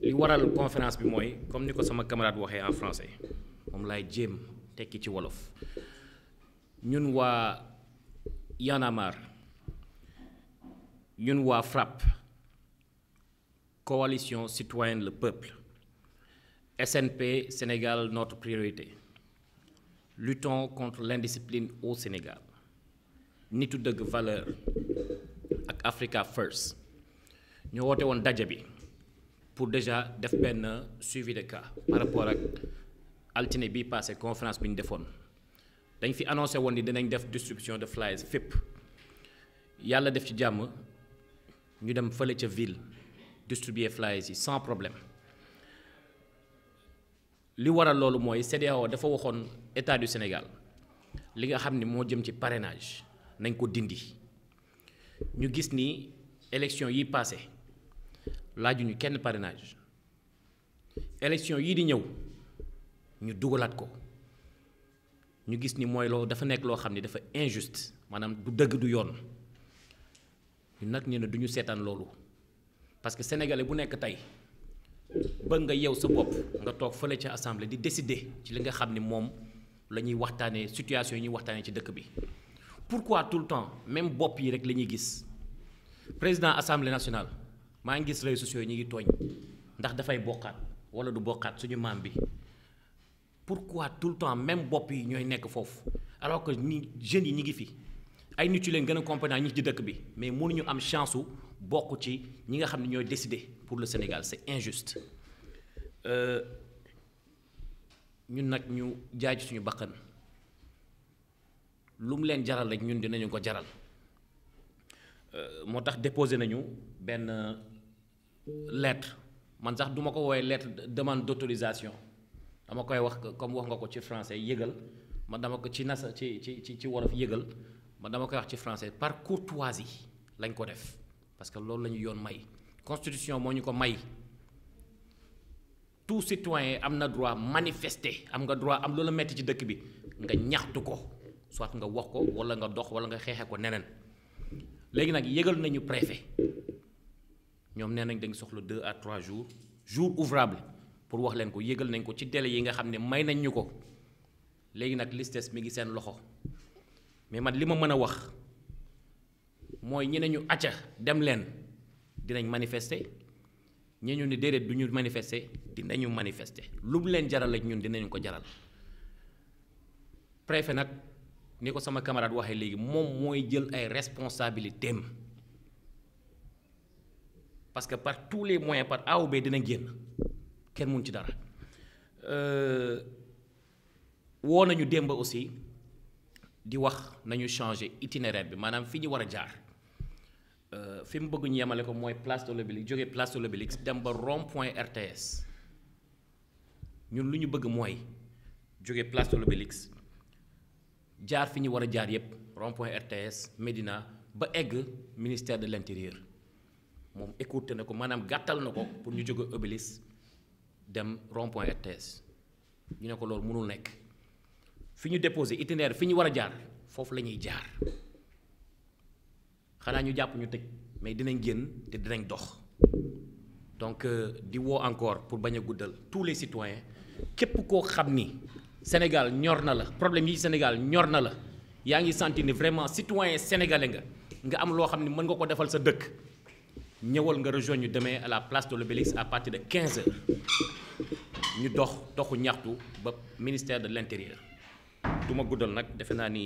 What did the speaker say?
li waral conférence bi mooy comme ni ko sama camarade waxee en français moom lay jéem tekki ci wolof ñun waa Y'en ñun waa FRAPP coalition citoyenne le peuple SNP Sénégal notre priorité luttons contre l'indiscipline au Sénégal nitu dëgg valeur ak Africa First ñu woote woon daje bi pour déjà def benn suivi de cas par rapport ak altine bi passé conférence bi ñu defoon dañ fi annoncé woon ni dinañ def distribution de flyers fépp yàlla def ci jàmm ñu dem fële ca ville distribuer flyers yi sans problème li waral loolu mooy CEDEAO dafa waxoon état du Sénégal li nga xam ni moo jëm ci parrainage nañ ko dindi ñu gis ni élection yi passé laajuñu kenn parrainage élection yii di ñëw ñu dugalaat ko ñu gis ni mooy loo dafa nekk loo xam ne dafa injuste maanaam du dëgg du yoon ñu nag ñu ne du ñu seetaan loolu parce que sénégalais bu nekk tey bëgg nga yow sa bopp nga toog fële ca assemblée di décider ci li nga xam ne moom la ñuy waxtaanee situation yi ñuy waxtaanee ci dëkk bi. pourquoi tout le temps même bopp yi rek la ñuy gis président assemblée nationale. maa ngi gis réseaux sociaux ñi ngi tooñ ndax dafay bokkaat wala du bokkaat suñu maam bi pourquoi tout le temps même bopp yi ñooy nekk foofu alors que ni jeunes yi ñi ngi fi ay nit yu leen gën a compétent ñi ci dëkk bi mais mënuñu am chance su ci ñi nga xam ne ñooy décider pour le Sénégal c'est injuste euh, ñun nag ñu jaay suñu baqan lu mu leen jaral rek ñun dinañu ko jaral euh, moo tax déposé nañu benn lettre man sax du ma ko woowee lettre demande d'autorisation dama koy wax comme wax nga ko ci français yëgal ma dama ko ci nasa ci ci ci ci wolof yëgal ma dama koy wax ci français par courtoisie lañ ko def parce que loolu la ñu yoon may constitution moo ñu ko may tout citoyen am na droit manifester am nga droit am loola metti ci dëkk bi nga ñaxtu ko soit nga wax ko walla nga dox walla nga xeexe ko neneen léegi nag yëgal nañu préfet ñoom nee nañ dañ soxla deux à trois jours jour ouvrable pour wax leen ko yëgal nañ ko ci délai yi nga xam ne may nañ ko léegi nag listes mi ngi seen loxo mais man li ma mën a wax mooy ñi ne ñu acca dem leen dinañ manifester ñi ñu ni déedéet du ñu manifester dinañu manifester lu mu leen jaral ak ñun dinañu ko jaral préfet nag ni ko sama camarade waxee léegi moom mooy jël ay responsabilités am parce que par tous les moyens par A be dina génn kenn mun ci dara euh, woo nañu démb aussi di wax nañu changer itinéraire bi maanaam fi ñu war a jaar euh, fi mu bëgg ñu yemale ko mooy place de jóge jógee place dem ba rond-point RTS ñun lu ñu bëgg mooy jógee place de jaar fi ñu war a jaar yépp rond RTS Médina ba egg ministère de l'Intérieur moom écourté na ko maanaam gàttal na ko pour ñu jóge obélisque dem rond point RTS ñu ne ko loolu mënul nekk fi ñu déposé itinéraire fi ñu war a jaar foofu la ñuy jaar xanaa ñu jàpp ñu tëj mais dinañ génn te dinañ dox donc euh, di woo encore pour bañ a guddal tous les citoyens képp koo xam ni Sénégal ñor na la problème yi Sénégal ñor na la yaa ngi sentir ni vraiment citoyen sénégalais nga nga am loo xam ne mën nga ko defal sa dëkk. ñëwal nga rejoindre ñu demain à la place de l'Obélisque à partir de 15 heures ñu dox doxu ñaxtu ba ministère de l'intérieur du ma guddal nag defe naa ni.